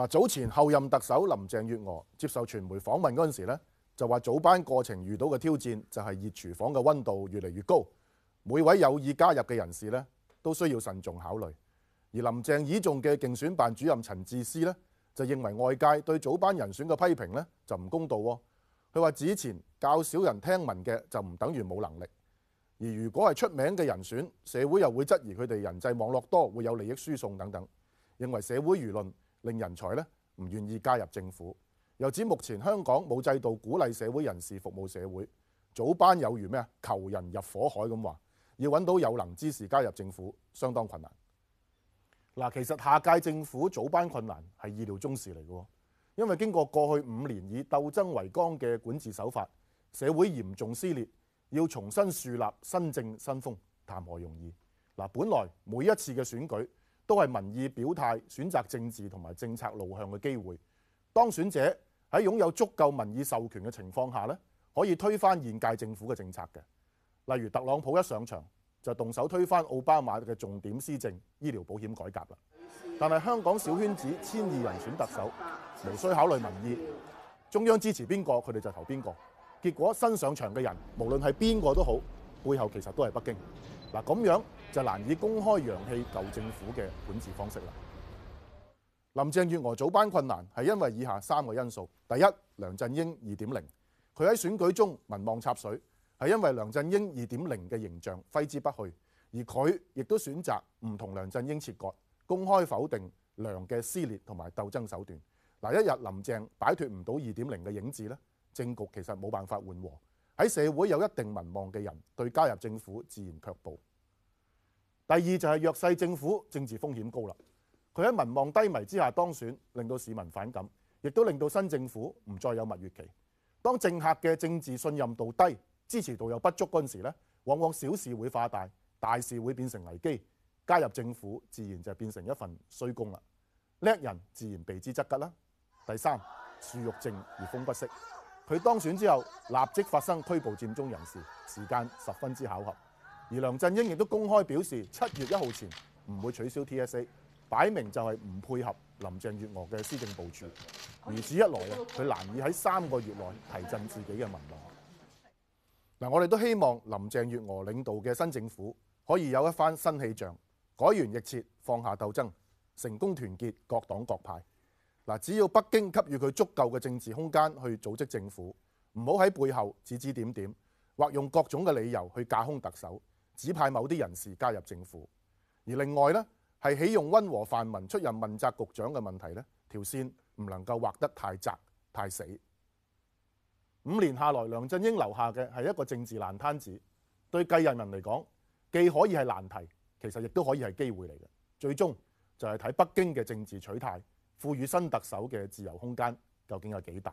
嗱，早前候任特首林鄭月娥接受傳媒訪問嗰陣時咧，就話組班過程遇到嘅挑戰就係熱廚房嘅温度越嚟越高，每位有意加入嘅人士呢，都需要慎重考慮。而林鄭倚重嘅競選辦主任陳智思呢，就認為外界對組班人選嘅批評呢，就唔公道。佢話，之前較少人聽聞嘅就唔等於冇能力，而如果係出名嘅人選，社會又會質疑佢哋人際網絡多，會有利益輸送等等，認為社會輿論。令人才咧唔願意加入政府，又指目前香港冇制度鼓勵社會人士服務社會，組班有如咩求人入火海咁話，要揾到有能之士加入政府相當困難。嗱，其實下屆政府組班困難係意料中事嚟嘅，因為經過過去五年以鬥爭為綱嘅管治手法，社會嚴重撕裂，要重新樹立新政新風，談何容易？嗱，本來每一次嘅選舉。都係民意表態、選擇政治同埋政策路向嘅機會。當選者喺擁有足夠民意授權嘅情況下呢，可以推翻現屆政府嘅政策嘅。例如特朗普一上場就動手推翻奧巴馬嘅重點施政——醫療保險改革啦。但係香港小圈子千二人選特首，無需考慮民意，中央支持邊個佢哋就投邊個。結果新上場嘅人，無論係邊個都好，背後其實都係北京。嗱，咁樣就難以公開揚棄舊政府嘅管治方式啦。林鄭月娥組班困難係因為以下三個因素：第一，梁振英二點零，佢喺選舉中民望插水，係因為梁振英二點零嘅形象揮之不去，而佢亦都選擇唔同梁振英切割，公開否定梁嘅撕裂同埋鬥爭手段。嗱，一日林鄭擺脱唔到二點零嘅影子咧，政局其實冇辦法緩和。喺社會有一定民望嘅人，對加入政府自然卻步。第二就係弱勢政府政治風險高啦，佢喺民望低迷之下當選，令到市民反感，亦都令到新政府唔再有蜜月期。當政客嘅政治信任度低、支持度又不足嗰陣時呢，往往小事會化大，大事會變成危機。加入政府自然就變成一份衰工啦，叻人自然避之則吉啦。第三，樹欲靜而風不息。佢當選之後，立即發生拘捕佔中人士，時間十分之巧合。而梁振英亦都公開表示，七月一號前唔會取消 TSA，擺明就係唔配合林鄭月娥嘅施政部署。如此一來，佢難以喺三個月內提振自己嘅民望。嗱，我哋都希望林鄭月娥領導嘅新政府可以有一番新氣象，改弦易轍，放下鬥爭，成功團結各黨各派。嗱，只要北京給予佢足夠嘅政治空間去組織政府，唔好喺背後指指點點，或用各種嘅理由去架空特首，指派某啲人士加入政府。而另外呢，係起用溫和泛民出任問責局長嘅問題，呢條線唔能夠畫得太窄太死。五年下來，梁振英留下嘅係一個政治難攤子爛攤子，對計人民繼任人嚟講，既可以係難題，其實亦都可以係機會嚟嘅。最終就係、是、睇北京嘅政治取態。賦予新特首嘅自由空間究竟有幾大？